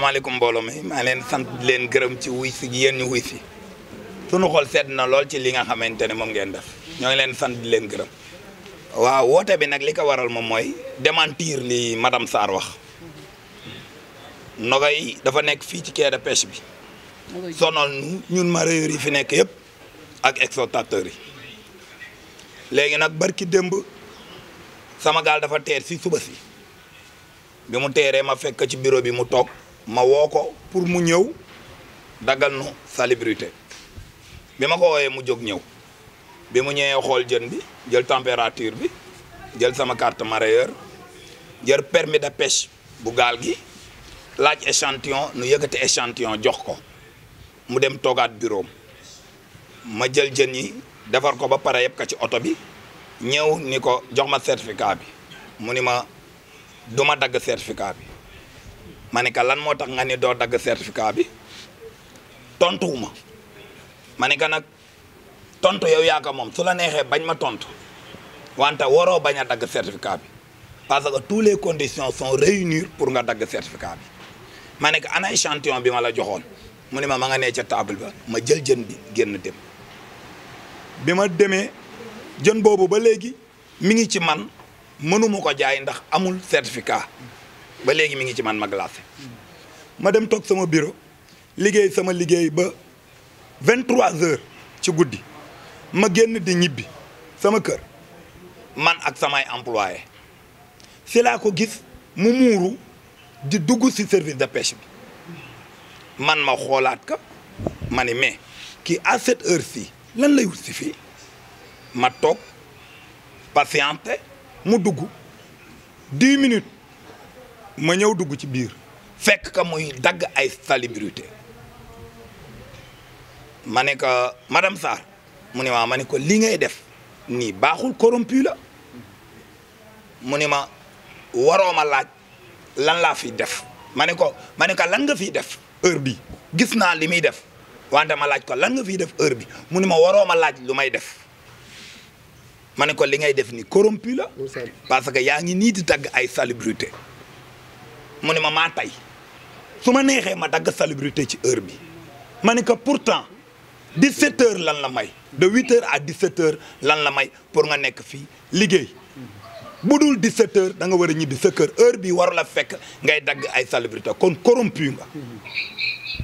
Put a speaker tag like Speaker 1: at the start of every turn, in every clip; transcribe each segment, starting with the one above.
Speaker 1: asalaamaaleykum mbooloo mi maa leen sant leen gërëm ci wuy si yéen ñu wuy si sunu xol sedd na lool ci li nga xamante ne moom ngeen def ñoo ngi leen sant di leen gërëm waaw woote bi nag li ko waral moom mooy démentir li madame Sarr wax yi dafa nekk fii ci quai de pêche bi sonal nu ñun mareyeurs yi fi nekk yëpp ak exportateurs yi léegi nag barki démb sama gaal dafa teer si suba si bi mu teeree ma fekk ci bureau bi mu toog ma woo ko pour mu ñëw daggal nu salubrité bi ma ko wooyee mu jóg ñëw bi mu ñëwee xool jën bi jël température bi jël sama carte mareyeur jël permis de pêche bu gaal gi laaj échantillon nu yëkkati échantillon jox ko mu dem toogaat bureau ma jël jën yi defar ko ba pare yëpp ka ci oto bi ñëw ni ko jox ma certificat bi mu ni ma du ma dagg certificat bi ma ne ka lan moo tax nga ni doo dagg certificat bi tontuwuma ma ne ka nag tontu yow yaa ko moom su la neexee bañ ma tontu wante waroo bañ a dagg certificat bi parce que tous les conditions sont réunies pour nga dagg certificat bi ma ne ko ana échantillon bi ma la joxoon mu ne ma ma nga nee ca table ba ma jël jën bi génn dem bi ma demee jën boobu ba léegi mu ngi ci man mënuma ko jaay ndax amul certificat ba léegi mi ngi ci man ma glacé ma dem toog sama bureau liggéey sama liggéey ba 23 heures ci guddi ma génn di ñibbi sama kër man ak samay employé si laa ko gis mu muuru di dugg si service de pêche bi man ma xoolaat ka ma ni mais kii à cette heure ci lan lay wut si fii ma toog patiente mu dugg dix minutes ma ñëw dugg ci biir fekk ka muy dagg ay salubrité ma ne ko madame Sarr mu ne ma ma ne ko li ngay def nii baaxul corrompu la mu ne ma waroo ma laaj lan laa fi def ma ne ko ma ne ko lan nga fiy def heure bi gis naa li muy def wante ma laaj ko lan nga fiy def heure bi mu ne ma waroo ma laaj lu may def ma ne ko li ngay def ni corrompu la parce que yaa ngi nii di tagg ay salubrité mu ne ma maa tey su ma neexee ma dagg salubrité ci heure bi ma ne que pourtant 17 heures lan la may de 8 heures à 17 heures lan la may pour nga nekk fii liggéey bu dul 17 heures da nga war a ñibbi sa kër heure bi waru la fekk ngay dagg ay salubrité kon corrompu nga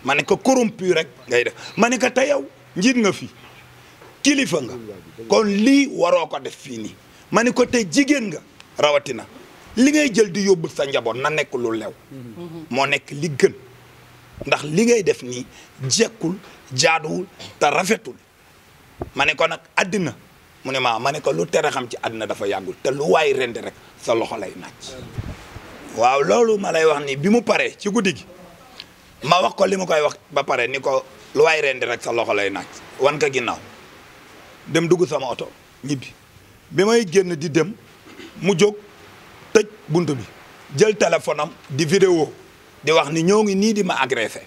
Speaker 1: ma ne ko corrompu rek ngay def ma ne ko te yow njiit nga fi kilifa nga kon lii waroo ko def fii nii ma ne ko te jigéen nga rawatina. li ngay jël di yóbbul sa njaboot na nekk lu lew mhm. moo nekk li gën ndax li ngay def nii jekkul jaaduwul te rafetul ma ne ko nag àddina mu ne maa ma ne ko lu tere xam ci àddina dafa yàggul te lu waay rend rek sa loxo lay naaj loolu ma lay wax ni bi mu paree ci guddi gi ma wax ko li mu koy wax ba pare ni ko lu waay rend rek sa loxo lay naaj wan ko ginnaaw dem dugg sama oto ñibbi bi may génn di dem mu jóg tëj bunt bi jël téléphone am di vidéo di wax ni ñëw ngi nii di ma agressé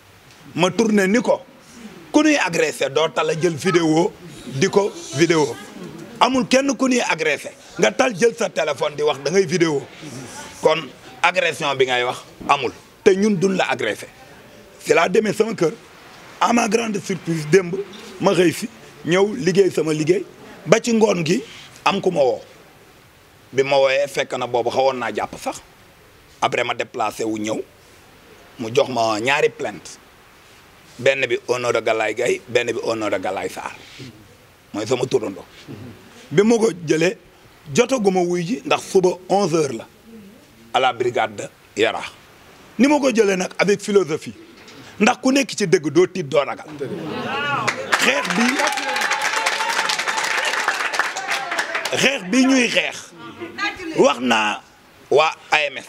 Speaker 1: ma tourné ni ko ku ñuy agressé doo tala jël vidéo di ko vidéo amul kenn ku ñuy agressé nga tal jël sa téléphone di wax da ngay vidéo kon agression bi ngay wax amul te ñun duñ la agressé si laa demee sama kër à ma grande surprise démb ma xëy si ñëw liggéey sama liggéey ba ci ngoon gi am ku ma woo bi ma wooyee fekk na boobu xawoon naa jàpp sax après ma déplacé wu ñëw mu jox ma ñaari plainte benn bi au nom de Galaye Gaye benn bi au nom de Galaye Sarr mooy sama turando bi ma ko jëlee jotaguma wuy ji ndax suba 11h la à la brigade de Yara ni ma ko jëlee nag avec philosophie ndax ku nekk ci dëgg doo tiit doo ragal xeex bi xeex bi ñuy xeex wax naa waa AMS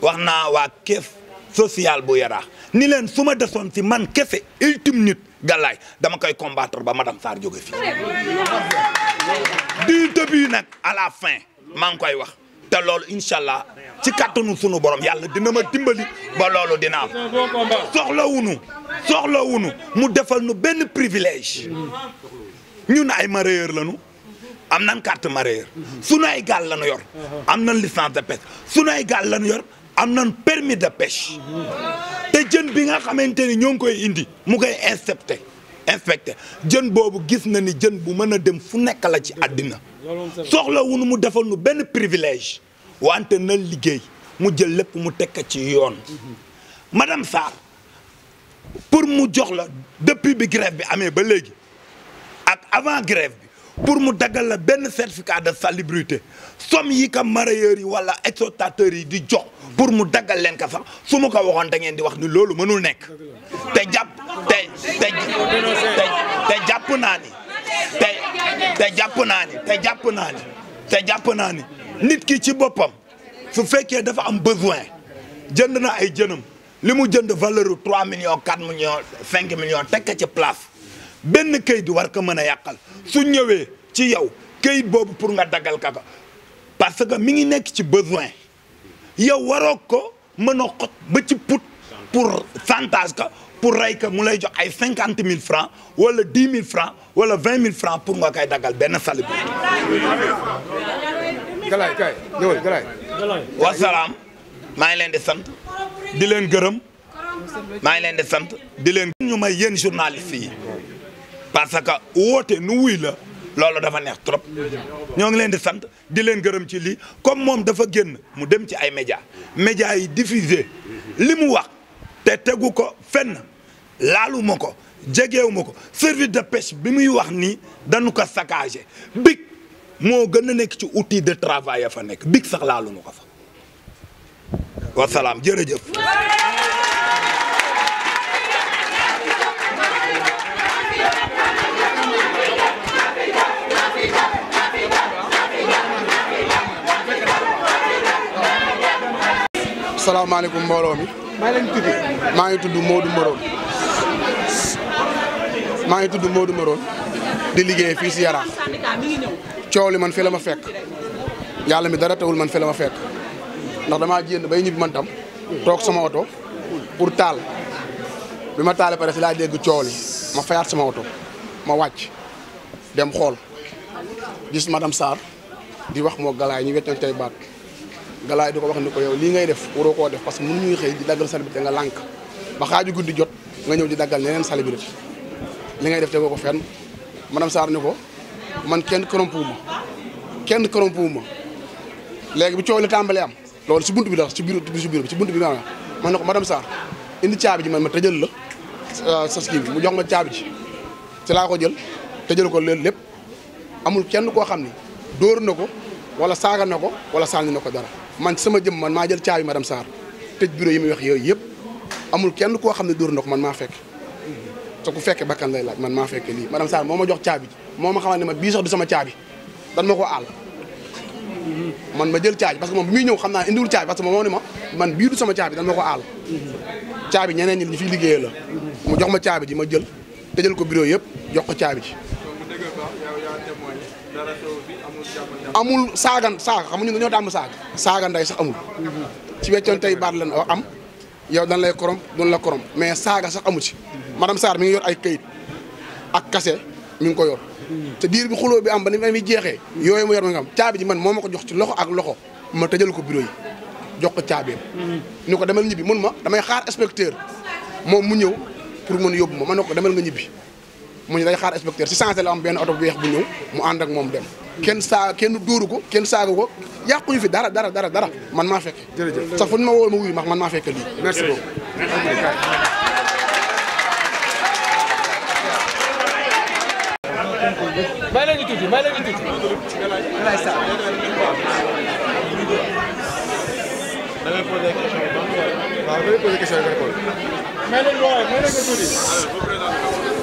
Speaker 1: wax naa waa keef social bu yaraax ni leen su ma desoon ci man kese ultime nit gàllaay dama koy combattre ba madame Sarr jóge fii du début nag à la fin maa ngi koy wax te loolu incha allah ci kattanu sunu borom yàlla dina ma timbali ba loolu dina am soxlawunu soxlawunu mu defal nu benn privilège ñun ay mareyeur lañu am nan carte mareyeur sunu ay gaal la ñu yor am nan licence de pêche sunu ay gaal lan yor am nan permis de pêche te jën bi nga xamante ni ñoo ngi koy indi mu koy inspecté inspecté jën boobu gis na ni jën bu mën a dem fu nekk la ci àddina soxla wunu mu defal nu benn privilège wante na liggéey mu jël lépp mu tekk ci yoon madame Sarr pour mu jox la depuis bi grève bi amee ba léegi ak avant grève pour mu daggal la benn certificat de salubrité somme yi ka mareyeurs yi wala exploitateurs yi di jox pour mu daggal leen ka sax su ma ko waxoon da ngeen di wax ni loolu mënul nekk te jàpp te te jàpp naa ni te te jàpp naa ni te jàpp naa ni te jàpp naa ni nit ki ci boppam su fekkee dafa am besoin jënd na ay jënam li mu jënd valeur u 3 millions 4 millions 5 millions teg ci place benn kayit war ko mën a yàqal su ñëwee ci yow kayit boobu pour nga dagal ka kaka parce que mi ngi nekk ci besoin yow waroo ko mën a xot ba ci put pour chantage ka pour rey ka mu lay jox ay cinquante mille francs wala dix mille francs wala vingt mille francs pour nga kay dagal benn sali bi
Speaker 2: galaay kay ñëwal galaay wasalaam
Speaker 1: maa ngi leen di sant di leen gërëm maa ngi leen di sant di leen ñu may yéen journaliste yi parce que woote nu wuy la loolu dafa neex trop ñoo ngi leen di sant di leen gërëm ci lii comme moom dafa génn mu dem ci ay média média yi diffusé li mu wax te tegu ko fenn laaluma ko jegewuma ko service de pêche bi muy wax nii danu ko saccagé big moo gën a nekk ci outil de travail a fa nekk big sax laalu ko fa wasalaam jërëjëf
Speaker 2: salaamaaleykum mbooloo mi. maa leen tudd. maa ngi tudd Modou Morone. maa ngi tudd Modou Morone. di liggéey fii si Yaraax. coow li man fi la ma fekk. yàlla mi dara wul man fi la ma fekk. ndax damaa jéem bay ñibbi man tam. toog sama oto. pour taal. bi ma taalee pare si laa dégg coow li ma fayaat sama oto. ma wàcc. dem xool. gis madame Sarr. di wax moo galaay ñu wettantey baat. nga di ko wax ni ko yow lii ngay def waroo koo def parce que mënuñuy xëy di daggal sali nga lànk ba xaaju guddi jot nga ñëw di daggal leneen sali bi li ngay def te ko fen madame saar ni ko man kenn corrompu ma kenn corrompu ma léegi bi coow li tàmbalee am loolu si buntu bi daal si biir si biir si buntu bi maanaam man ne ko madame saar indi caabi ji man ma tëjal la euh, sa kii bi mu jox ma caabi ji ci ko jël tëjal ko leen lépp amul kenn koo xam ni dóor na ko wala saaga ne ko wala sànni na ko dara. man sama jëm man maa jël caabi madame Sarr tëj bureau yi muy wax yooyu yëpp amul kenn koo xam ne dóor ndox man maa fekk te ku fekkee bakkan lay laaj man maa fekke lii madame Sarr moo ma jox caabi moo ma xamal ne ma bii sax sama caabi dan ma ko àll man ma jël caabi parce que muy ñëw xam naa indiwul caabi parce moo ne ma man bii sama caabi dan ma ko àll caabi ñeneen ñi ñu fiy liggéeyee la mu jox ma caabi ji ma jël tëjal ko bureau yëpp jox ko caabi ji amul saagan saaga xam nga ñun dañoo dàmm saaga saaga nday sax amul ci weccoon tey baat lan oh, am yow dan lay korom dun la korom mais saaga sax amu ci madame Sarr mi ngi yor ay kayit ak kase mi ngi ko yor te diir bi xuloo bi am ba ni mi jeexee yooyu mu yor ma am caabi ji man moo ma ko jox ci loxo ak loxo ma tëjal ko bureau yi jox ko caabeem ni ko demal ñibbi mun ma damay xaar inspecteur moom mu ñëw pour mun yóbbu ma ma ne ko demal nga ñibbi mu ñu day xaar inspecteur si sensé la am benn oto bu weex bu ñëw mu ànd ak moom dem kenn saa kenn dóoru kenn saaga ko yàquñu fi dara dara dara dara man maa fekke jërëjëf sax fu ñu ma woo ma wuyu man maa fekke lii merci beaucoup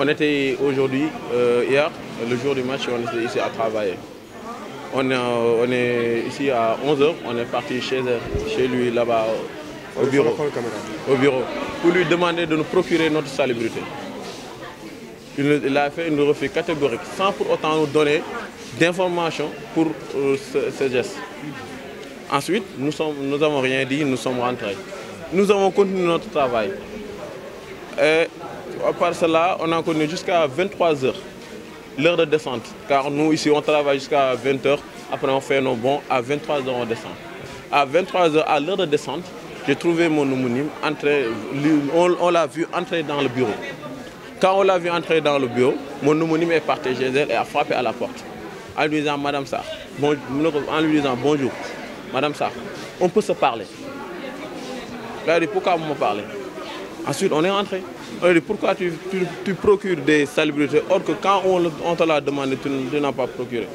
Speaker 3: On était a euh, hier, le jour du match, on était ici à travailler. On est, euh, ici à 11 on est parti chez, chez lui là-bas
Speaker 2: au bureau, au
Speaker 3: pour lui demander de nous procurer notre salubrité. Il, a fait catégorique sans pour autant donner d'informations pour euh, ce, ce, Ensuite, nous avons rien dit, nous sommes rentrés. Nous avons continué notre travail. par cela, on a connu jusqu'à 23 heures l'heure de descente. Car nous, ici, on travaille jusqu'à 20 heures. Après, on fait nos bons. À 23 heures, on descend. À 23 heures, à l'heure de descente, j'ai trouvé mon homonyme. Entrer, on, l'a vu entrer dans le bureau. Quand on l'a vu entrer dans le bureau, mon homonyme est parti chez et a frappé à la porte. En lui disant, Madame Sarr, bon, bonjour, Madame Sarr, on peut se parler. Elle a dit, pourquoi vous me Ensuite, on est rentré. on dit pourquoi tu, tu, tu, procures des salubrités or que quand on, te l'a demandé, tu, tu pas procuré.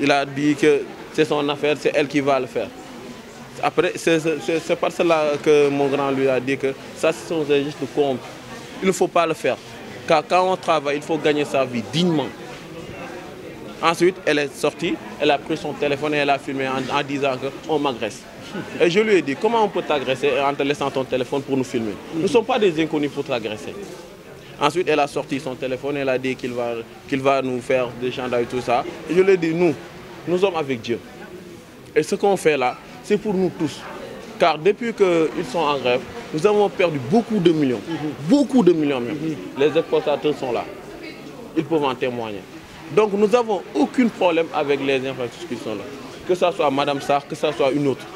Speaker 3: Il a dit que c'est son affaire, c'est elle qui va le faire. Après, c'est par que mon grand lui a dit que ça, ce sont des de compte. Il ne faut pas le faire. Car quand on travaille, il faut gagner sa vie dignement. Ensuite, elle est sortie, elle a pris son téléphone et elle a filmé en, en disant qu'on m'agresse. Et je lui ai dit, comment on peut t'agresser en te laissant ton téléphone pour nous filmer Nous ne sommes pas des inconnus pour t'agresser. Ensuite, elle a sorti son téléphone, elle a dit qu'il va, qu'il va nous faire des chandails et tout ça. Et je lui ai dit, nous, nous sommes avec Dieu. Et ce qu'on fait là, c'est pour nous tous. Car depuis qu'ils sont en grève, nous avons perdu beaucoup de millions. Beaucoup de millions même. Les exportateurs sont là. Ils peuvent en témoigner. Donc nous n'avons aucun problème avec les infrastructures qui sont là. Que ce soit Madame Sarr, que ce soit une autre.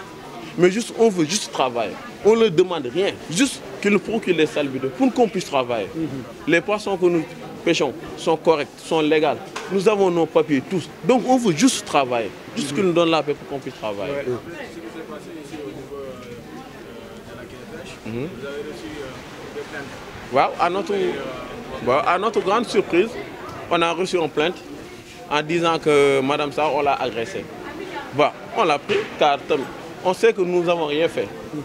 Speaker 3: Mais juste, on veut juste travailler. On ne leur demande rien. Juste qu'ils nous procurent les salbidés pour qu'on puisse travailler. Mhm. Les papiers tous. Donc on veut juste travailler. Juste mm nous donnent la paix pour qu'on puisse travailler. Ouais.
Speaker 2: Mhm. Euh, euh, mhm. euh, à, notre, wow, grande surprise,
Speaker 3: on a reçu une plainte en disant que Madame Sarr, on l'a agressée. on l'a pris car on sait que nous n'avons rien fait. Mhm.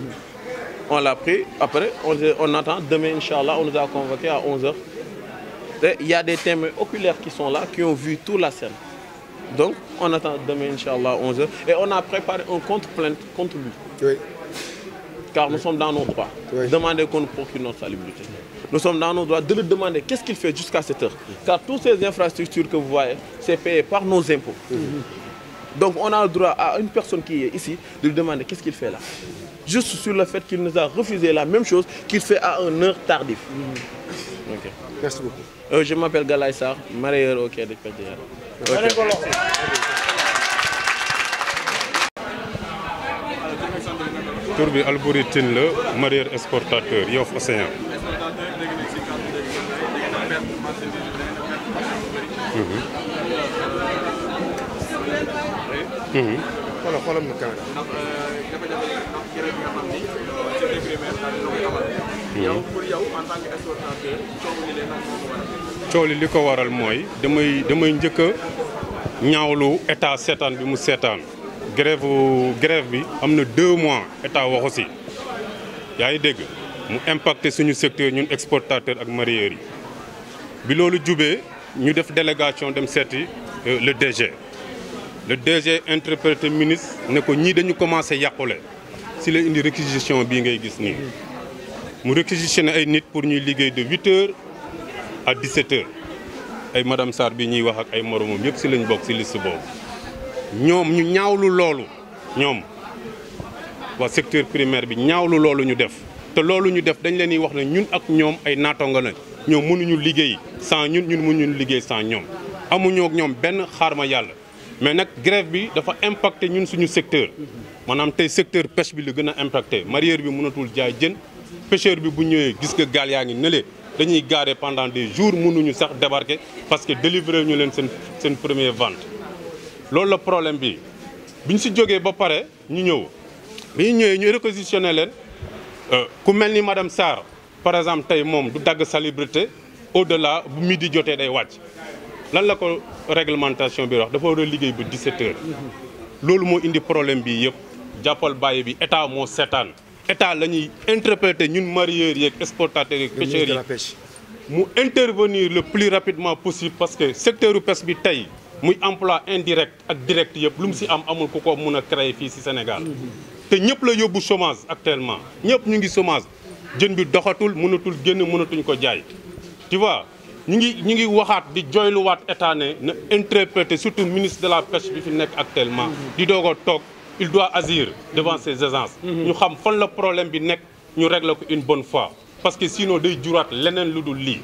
Speaker 3: On l'a pris, après, on, on attend. Demain, Inch'Allah, on nous a convoqués à 11h. Il y a des témoins oculaires qui sont là, qui ont vu toute la scène. Donc, on attend demain, Inch'Allah, 11h. Et on a préparé un contre-plainte Car nous sommes dans nos droits. Demander qu'on nous procure notre salubrité. Nous sommes dans nos droits de le demander qu'est-ce qu'il fait jusqu'à cette heure. Car toutes ces infrastructures que vous voyez, c'est payé par nos impôts. Mhm. Donc on a le droit à une personne qui est ici de lui demander qu'est-ce qu'il fait là. Juste sur le fait qu'il nous a refusé la même chose qu'il fait à un heure tardive. Mmh.
Speaker 2: Okay. Merci beaucoup.
Speaker 3: Euh, je m'appelle Galaye Sarr, marailleur de Pédiara. Okay.
Speaker 4: Tur bi Albouri Tine la marailleur exportateur Yoff Mhm. xoolal xoolal euh, mhm. li ko waral. mooy damay damay njëkk a ñaawlu état seetaan bi mu seetaan grève bi am na deux mois état waxu si yaa ngi dégg mu impacté suñu secteur ñun exportateur ak mareyeurs yi bi loolu jubee ñu def délégation dem seeti euh, le DG. le DG interprété ministre ne ko ñii dañu commencé yàqule si la indi réquisition bii ngay gis nii mu réquisitionné ay nit pour ñuy liggéey de huit heures à ay madame Sarr bi ñuy wax ak ay moromam yëpp si lañu bokk si liste ñoom ñu ñaawlu loolu ñoom waa secteur primaire bi ñaawlu loolu ñu def te loolu ñu def dañ leen di wax ne ñun ak ñoom ay naatonga lañ ñoom mënuñu liggéey sans ñun ñun mënuñu liggéey sans ñoom amuñoo ak ñoom benn xaar ma yàlla mais nag grève bi dafa impacté ñun suñu secteur maanaam tey secteur pêche bi la gën a impacté mareyeur bi mënatul jaay jën pêcheur bi bu ñëwee gis nga gaal yaa ngi nele dañuy garer pendant des jours mënuñu sax débarquer parce que délivrer ñu leen seen seen première vente loolu la problème bi bi ñu si jógee ba pare ñu ñëw bi ñu ñëwee ñu réquisitionné leen euh, ku mel ni madame Sarr par exemple tey moom du dagg salubrité au la bu midi jotee day wàcc lan la ko réglementation bi wax dafa war a liggéey ba di heures loolu moo indi problème bi yëpp jàppal bàyyi bi état moo seetaan état la ñuy interpréter ñun mareyeurs yeeg exportateurs yeeg pêcheurs yi mu intervenir le plus rapidement possible parce que secteur u pêche bi tey muy emplois indirect ak direct yëpp lu mu si am amul ku ko mun a créer fii si Sénégal te ñëpp la yóbbu chômage actuellement ñëpp ñu ngi chômage jën bi doxatul mënatul génn mënatuñ ko jaay tu ñu ngi ñu ngi waxaat di jooyluwaat état ne na interpréter surtout ministre de la pêche bi fi nekk actuellement. Mm-hmm. di doog a toog il doit agir devant mm-hmm. ses agences. Mm-hmm. ñu xam fan la problème bi nekk ñu régler ko une bonne fois. parce que sino day juraat leneen lu dul lii.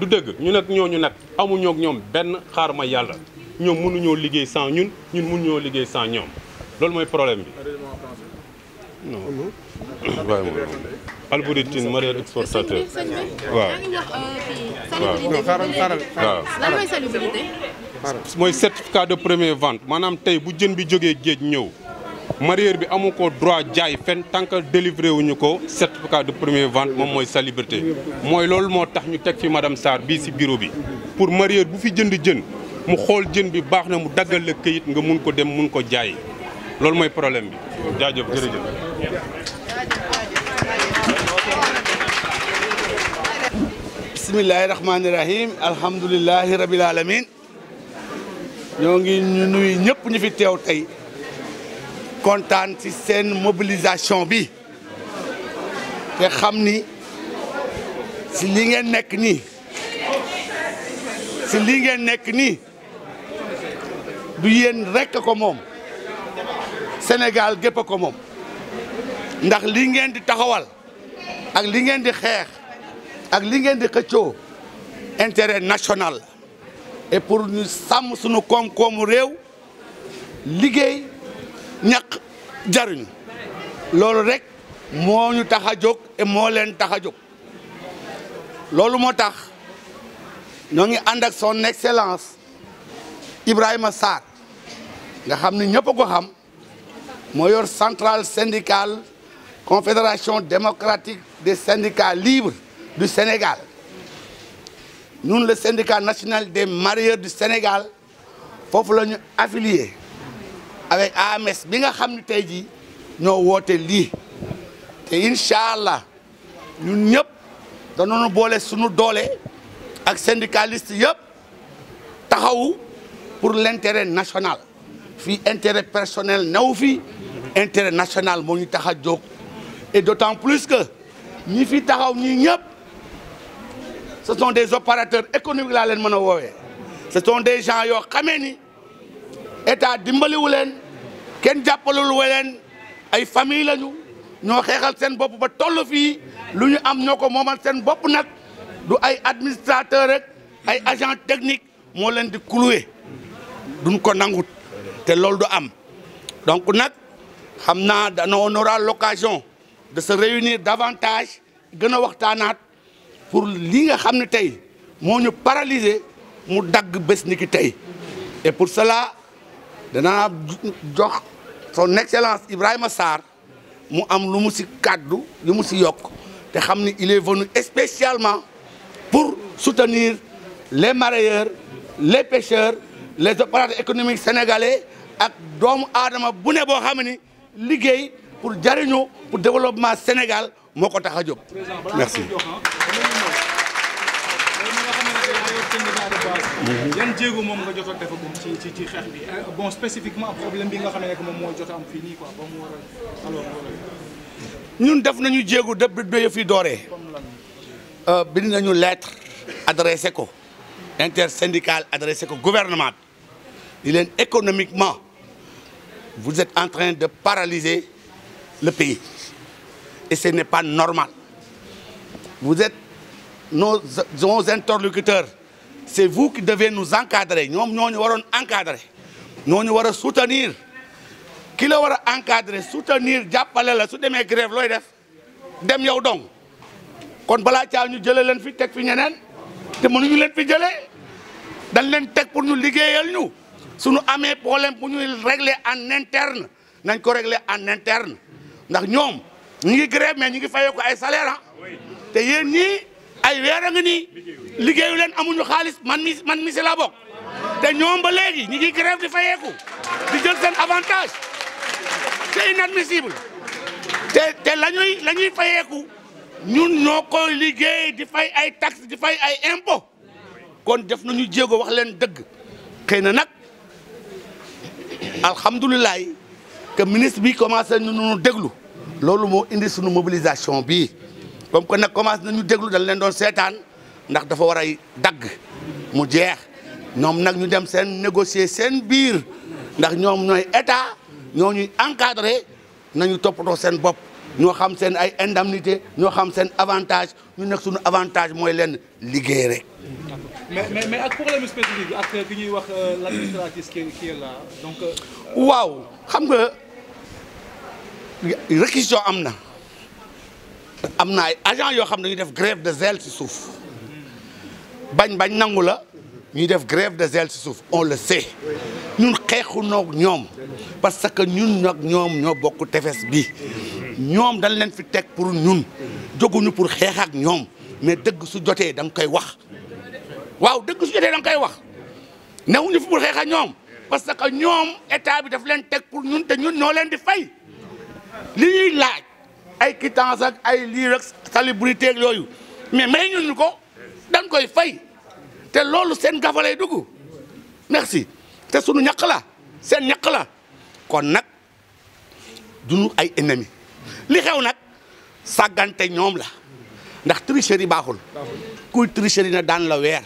Speaker 4: du dégg ñu nag ñooñu nag amuñoo ñoom benn xaar ma yàlla ñoom mënuñoo liggéey sans ñun ñun mënuñoo liggéey sans ñoom loolu mooy problème bi. non bàyyi ma Albouri Tine mareyeur exportateur. waaw waaw xaaral mooy salubrité. de première vente maanaam tey bu jën bi jógee géej ñëw. mareyeur bi amu ko droit jaay fenn tant que délivré wuñu ko certificat de premier vente moom mooy salubrité. mooy loolu moo tax ñu teg fi madame Sarr bii si bureau bi. pour mareyeur bu fi jënd jën mu xool jën bi baax na mu daggal la këyit nga mun ko dem mun ko jaay. loolu mooy problème bi jaajëf jërëjëf.
Speaker 5: bismillahi rahmaani rahim ñoo ngi nuyu ñëpp ñu fi teew tey kontaan ci seen mobilisation bi te xam ni si li ngeen nekk ni si li ngeen du yéen rekk ko moom Sénégal gépp ko moom ndax lii ngeen di taxawal ak li ngeen di xeex ak li ngeen di xëccoo intérêt national et pour ñu sàmm suñu koom-koomu réew liggéey ñàq jariñu loolu rek moo ñu tax a jóg et moo leen tax a jóg loolu moo tax ñoo ngi ànd ak son excellence Ibrahima Sarr nga xam ni ñëpp ko xam moo yor centrale syndicale confédération démocratique des syndicats libres du Sénégal ñun la syndica national de mareyeurs du Sénégal foofu la ñu affilié avec AMS bi nga xam ni tey jii ñoo woote lii te incha allah ñun ñëpp danoonu boole suñu doole ak syndicaliste yëpp taxawu pour l'intérêt national fii intérêt personnel new fii intérêt national moo ñu tax a jóg et d'autant plus que ñi fi taxaw ñi ñëpp ce sont des opérateurs économiques laa leen mën a woowee ce sont des gens yoo xamee ni état dimbaliwu leen kenn jàppalul leen ay famille lañu ñoo xeexal seen bopp ba toll fii lu ñu am ñoo ko moomal seen bopp nag du ay administrateur rek ay agent technique moo leen di clouer duñ ko nangut te loolu du am donc nag xam naa dana on aura l'occasion de se réunir davantage gën a waxtaanaat pour lii nga xam ne tey moo ñu paralysé mu dagg bés ni tey et pour cela danaa jox son excellence Ibrahima Sarr mu am lu mu si kàddu lu mu si yokk te xam ni il est venu spécialement pour soutenir les mareyeurs les pêcheurs les opérateurs économiques sénégalais ak doomu aadama bu ne boo xam ni liggéey pour jariñoo pour développement Sénégal moo ko tax a jóg merci.
Speaker 2: yan jéego moom nga def ci ci ci euh, nga xam moom
Speaker 5: moo jot def nañu jéego depuis ba yëf dooree euh, bind nañu lettre adressé ko intersyndical adressé ko gouvernement di leen économiquement. vous êtes en train de paralyser le pays. Et ce n'est pas normal. Vous êtes nos, nos interlocuteurs. C'est vous qui devez nous encadrer. Nous, nous, nous devons encadrer. Nous, nous devons soutenir. Qui le devons encadrer, soutenir, diapalé, la demee mes looy def Dem yow donc Kon balaa ci ñu jëlé leen fi teg fi ñeneen té mënu ñu leen fi jëlé. Dañ leen teg pour ñu liggéeyal ñu. suñu amee problème bu ñuy régler en interne nañ ko réglé en interne ndax ñoom ñu ngi grève mais ñu ngi fayeeku ay salaire ah te yéen ñii ay weer a ngi liggéeyu leen amuñu xaalis man mi man mi si laa bokk te ñoom ba léegi ñu ngi grève di fayeeku di jël seen avantage c'est inadmissible te te la fayeeku ñun ñoo koy liggéey di fay ay taxes di fay ay impôts kon def nañu jéego wax leen dëgg xëy na nag alhamdulilah que ministre bi commencé nu déglu loolu moo indi suñu mobilisation bii comme que nag commencé nañu déglu dañ leen doon seetaan ndax dafa war ay dagg mu jeex ñoom nag ñu dem seen négocier seen biir ndax ñoom ñooy état ñoo ñuy encadré nañu toppatoo seen bopp ñoo xam seen ay indemnité ñoo xam seen avantage ñu nekk suñu avantage mooy leen liggéey rek
Speaker 3: mais mais mais ak problème spécifique ak euh, ki ñuy wax euh, l'administratif qui donc. Euh,
Speaker 5: waaw xam nga réquisition am na am na ay agents yoo xam ne dañuy def grève de zèle ci suuf bañ bañ nangu la ñuy def grève de zèle ci suuf on le sait ñun xeexunoog ñoom parce que ñun nag ñoom ñoo bokk tefes bi ñoom dañ leen fi teg pour ñun joguñu pour xeex ak ñoom mais dëgg su jotee da nga koy wax. waaw dëgg su jotee da nga koy wax newuñu fi pour xeex ñoom parce que ñoom état bi daf leen teg pour ñun te ñun ñoo leen di fay li ñuy laaj ay quittance ak ay lii rek salubrité ak yooyu mais may ñun ko dañ koy fay te loolu seen gafa lay merci te sunu ñaq la seen ñaq la kon nag duñu ay ennemi li xew nag saggante ñoom la ndax tricherie baaxul kuy tricherie na daan la weer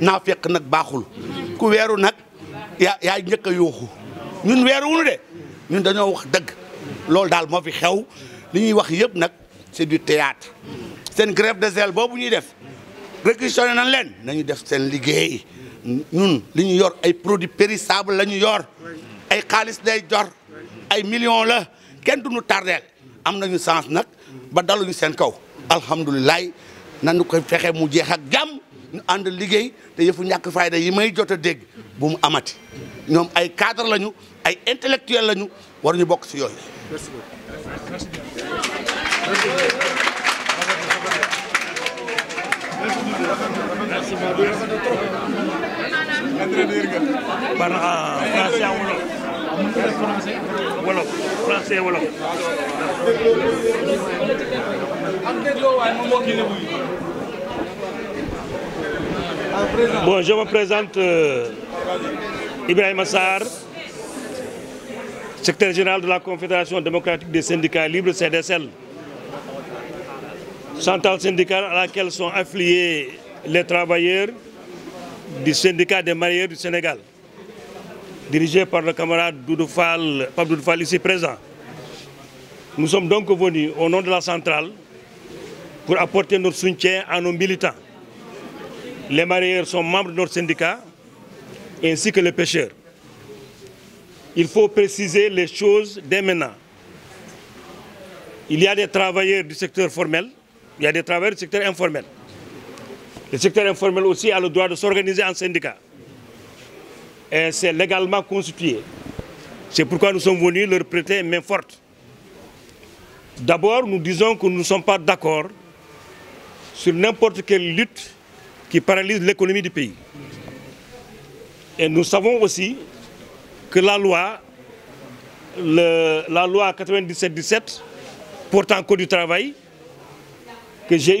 Speaker 5: naa fekk nag baaxul ku weeru nag yaa yaa njëkk a ñun weeru wunu de ñun dañoo wax dëgg loolu daal moo fi xew li ñuy wax yëpp nag c'est du théâtre seen grève de zèle boobu ñuy def réquisitionné nañ leen nañu def seen liggéey ñun li ñu yor ay produits périssables la ñu yor ay xaalis day jor ay millions la kenn duñu tardeel am nañu sens nag ba daluñu seen kaw alhamdulilah nanu koy fexe mu jeex ak jàmm ñu ànd liggéey te yëfu ñàkk fayda yi may jot a dégg bu mu amati ñoom ay cadre lañu ay intellectuel lañu war ñu bokk ci yooyu.
Speaker 6: wolof français wolof. Bon, je me présente euh, Ibrahima Sarr, de la Confédération démocratique des syndicats libres CDSL. Centrale syndicale à laquelle sont affiliés les travailleurs du syndicat des marieurs du Sénégal. dirigé par le camarade Doudou Fall, Pape Doudou Fall ici présent. Nous sommes donc venus au nom de la centrale pour apporter notre soutien à nos militants. Les mareyeurs sont membres de notre syndicat ainsi que les pêcheurs. Il faut préciser les choses dès Il y a des secteur formel, il y a des travailleurs du secteur informel. Le secteur informel aussi a le droit de s'organiser en syndicat. et c'est légalement constitué. C'est pourquoi nous sommes venus forte. D'abord, nous disons que nous ne sommes pas d'accord sur n'importe quelle lutte qui paralyse la loi, le, la loi 97-17 portant code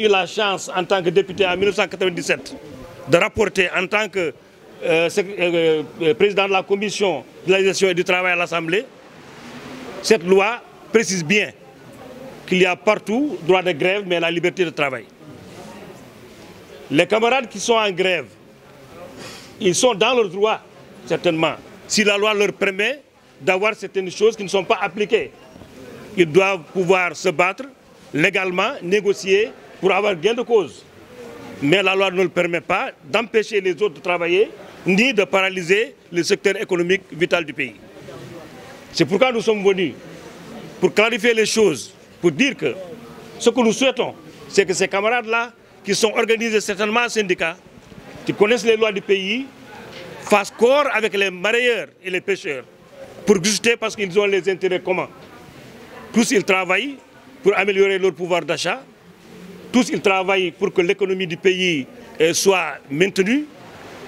Speaker 6: la chance en tant que député en Euh, euh, euh, président de la commission de la gestion et du travail à l'Assemblée, cette loi précise bien qu'il y a partout droit de grève, mais la liberté de travail. Les camarades qui sont en grève, ils sont dans leur droit, certainement. Si la loi leur permet d'avoir certaines qui ne sont pas appliquées, ils doivent pouvoir se battre légalement, négocier pour avoir gain de cause. mais la loi ne le permet pas d'empêcher les autres de travailler ni de paralyser le secteur économique vital du pays. C'est pourquoi nous sommes venus, pour clarifier les choses, pour dire que ce que nous souhaitons, c'est que ces camarades-là, qui sont organisés certainement en syndicats, qui connaissent les lois du pays, fassent corps avec les marailleurs et les pêcheurs pour exister parce qu'ils ont les intérêts communs. Plus ils travaillent pour améliorer leur pouvoir d'achat, Tous, ils travaillent pour que l'économie du pays euh, soit maintenue.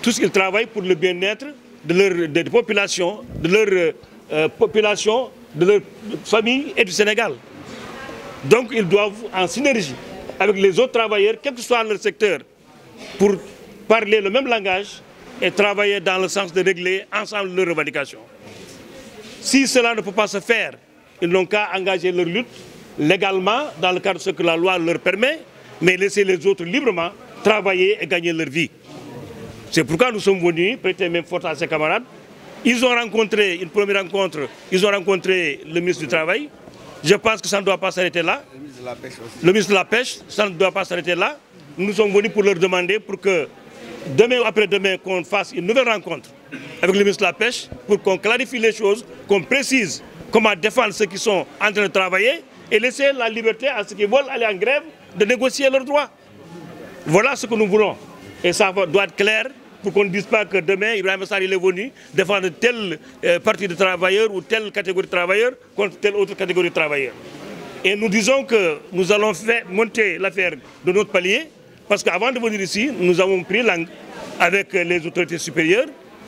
Speaker 6: Tous, ils travaillent pour le bien-être de leur des populations, de leur euh, euh, population, de leur famille et du Sénégal. Donc, ils doivent, en synergie avec les autres travailleurs, quel que soit leur secteur, pour parler le même langage et travailler dans le sens de régler ensemble leurs revendications. Si cela ne peut pas se faire, ils n'ont qu'à leur lutte légalement dans le cadre de ce que la loi leur permet, mais laisser les autres librement travailler et gagner leur vie. C'est pourquoi nous sommes venus prêter même force à ses camarades. Ils ont rencontré une première rencontre, ils ont rencontré le ministre du Travail. Je pense que ça ne doit pas s'arrêter là.
Speaker 1: Le ministre de la Pêche aussi.
Speaker 6: Le ministre de la Pêche, ça ne doit pas s'arrêter là. Nous sommes venus pour leur demander pour que demain ou après-demain qu'on fasse une nouvelle rencontre avec le ministre de la Pêche pour qu'on clarifie les choses, qu'on précise comment défendre ceux qui et laisser la liberté à ceux qui veulent aller en grève de négocier leurs droits. Voilà ce que nous voulons. Et ça doit être clair pour qu'on ne dise pas que Ibrahim Sarr il est venu défendre telle euh, partie de travailleurs ou telle catégorie de travailleurs contre telle autre catégorie de travailleurs. Et que nous allons faire monter l'affaire de notre venir ici, nous avons pris langue avec les autorités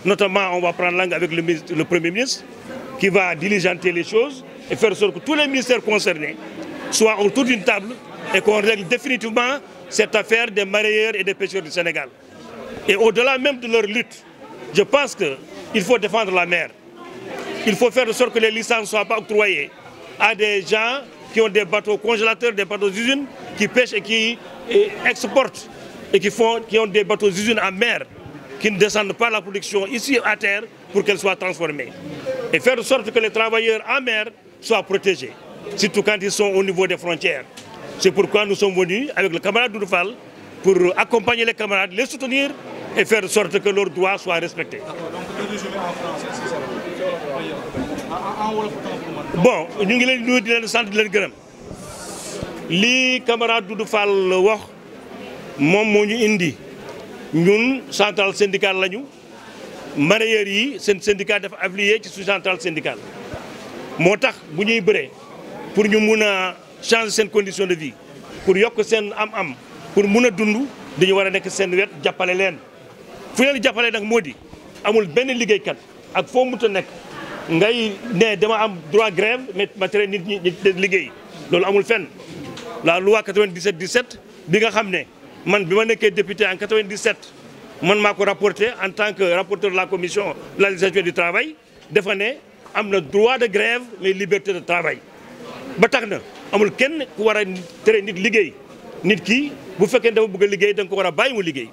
Speaker 6: le Premier ministre, qui va diligenter les choses, et faire en sorte que tous les ministères concernés soient autour d'une table et qu'on règle définitivement cette affaire des mareyeurs et des pêcheurs du Sénégal. Et au-delà même de leur lutte, je pense qu'il faut défendre la mer. Il faut faire de sorte que les licences ne soient pas octroyées à des gens qui ont des bateaux congélateurs, des bateaux d'usine, qui pêchent et qui et exportent et qui, font, des bateaux d'usine en mer, qui ne descendent pas la production ici à terre pour qu'elle soit transformée. Et faire en mer soit protégés, surtout quand ils sont au niveau des frontières. C'est pourquoi nous sommes venus avec le camarade Doudefal pour accompagner les camarades, les soutenir et faire en sorte que leurs droits soient respectés. bon ñu ngi leen nuyu di leen sant di leen gërëm lii camarade Doudou Fall wax moom moo ñu indi ñun centrale syndicale lañu mareyeurs yi seen syndicat dafa affilié ci sous centrale syndicale. moo tax bu ñuy bëree pour ñu mun a change seen condition de vie pour yokk seen am-am pour mun a dund dañu war a nekk seen wet jàppale leen fu leen jàppale nag moo di amul benn liggéeykat ak foo mu ta nekk ngay ne dama am droit grève mais ma tere nit ñi liggéey loolu amul fenn la loi 97 17 bi nga xam ne man bi ma nekkee député en 97 man maa ko rapporté en tant que rapporteur de la commission de la législation du travail dafa ne am na droit de grève mais liberté de travail ba tax na amul kenn ku war a tere nit liggéey nit kii bu fekkee dafa bëgg a liggéey da nga ko war a bàyyi mu liggéey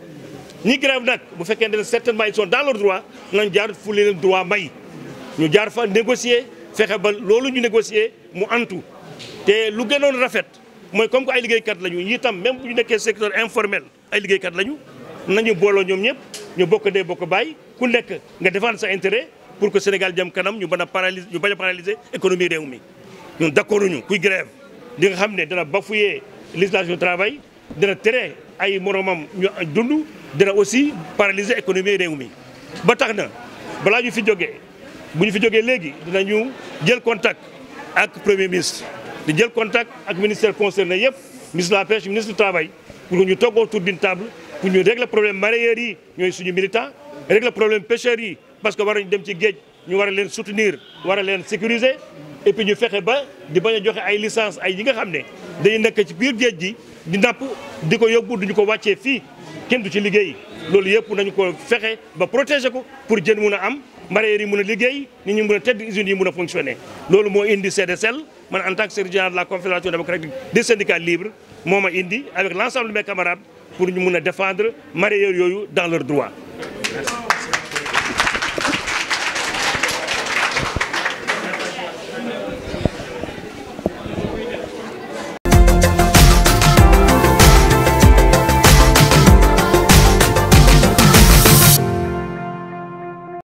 Speaker 6: ñi grève nag bu fekkee ne certainement ils sont dans leur nañ jaar fu leen droit may ñu jaar fa négocier fexe ba loolu ñu négocier mu antu te lu gënoon rafet mooy comme que ay liggéeykat lañu ñu itam même bu ñu nekkee secteur informel ay liggéeykat lañu nañu booloo ñoom ñëpp ñu bokk dee bokk bàyyi ku nekk nga défendre sa intérêt pour que Sénégal jëm kanam ñu mën a paralyser ñu bañ a paralyser économie réew mi ñun d'accord ñu kuy grève di nga xam ne dana bafouer législation travail dana tere ay moromam ñu dund dana aussi paralyser économie réew mi ba tax na balaa ñu fi jógee bu ñu fi jógee léegi dinañu jël contact ak premier ministre di jël contact ak ministère concerné yëpp ministre de la pêche ministre du travail pour ñu toog autour d'une table pour ñu régler problème mareyeurs yi ñooy suñu militant régler problème yi parce que war nañ dem ci géej ñu war a leen soutenir war leen sécuriser et ñu fexe ba di bañ joxe ay licence ay yi nga xam ne dañu nekk ci biir géej gi di napp di ko yóbbu duñu ko wàccee fii kenn du ci liggéey loolu yëpp nañu ko fexe ba protéger ko pour jën mun a am mareyeurs yi mun a liggéey ni ñu mun a tedd usines yi mun a fonctionner. loolu moo indi CDSL man en tant que secrétaire général de la confédération démocratique des syndicats libres moo ma indi avec l' ensemble de mes camarades pour ñu mun a défendre mareyeurs yooyu dans leurs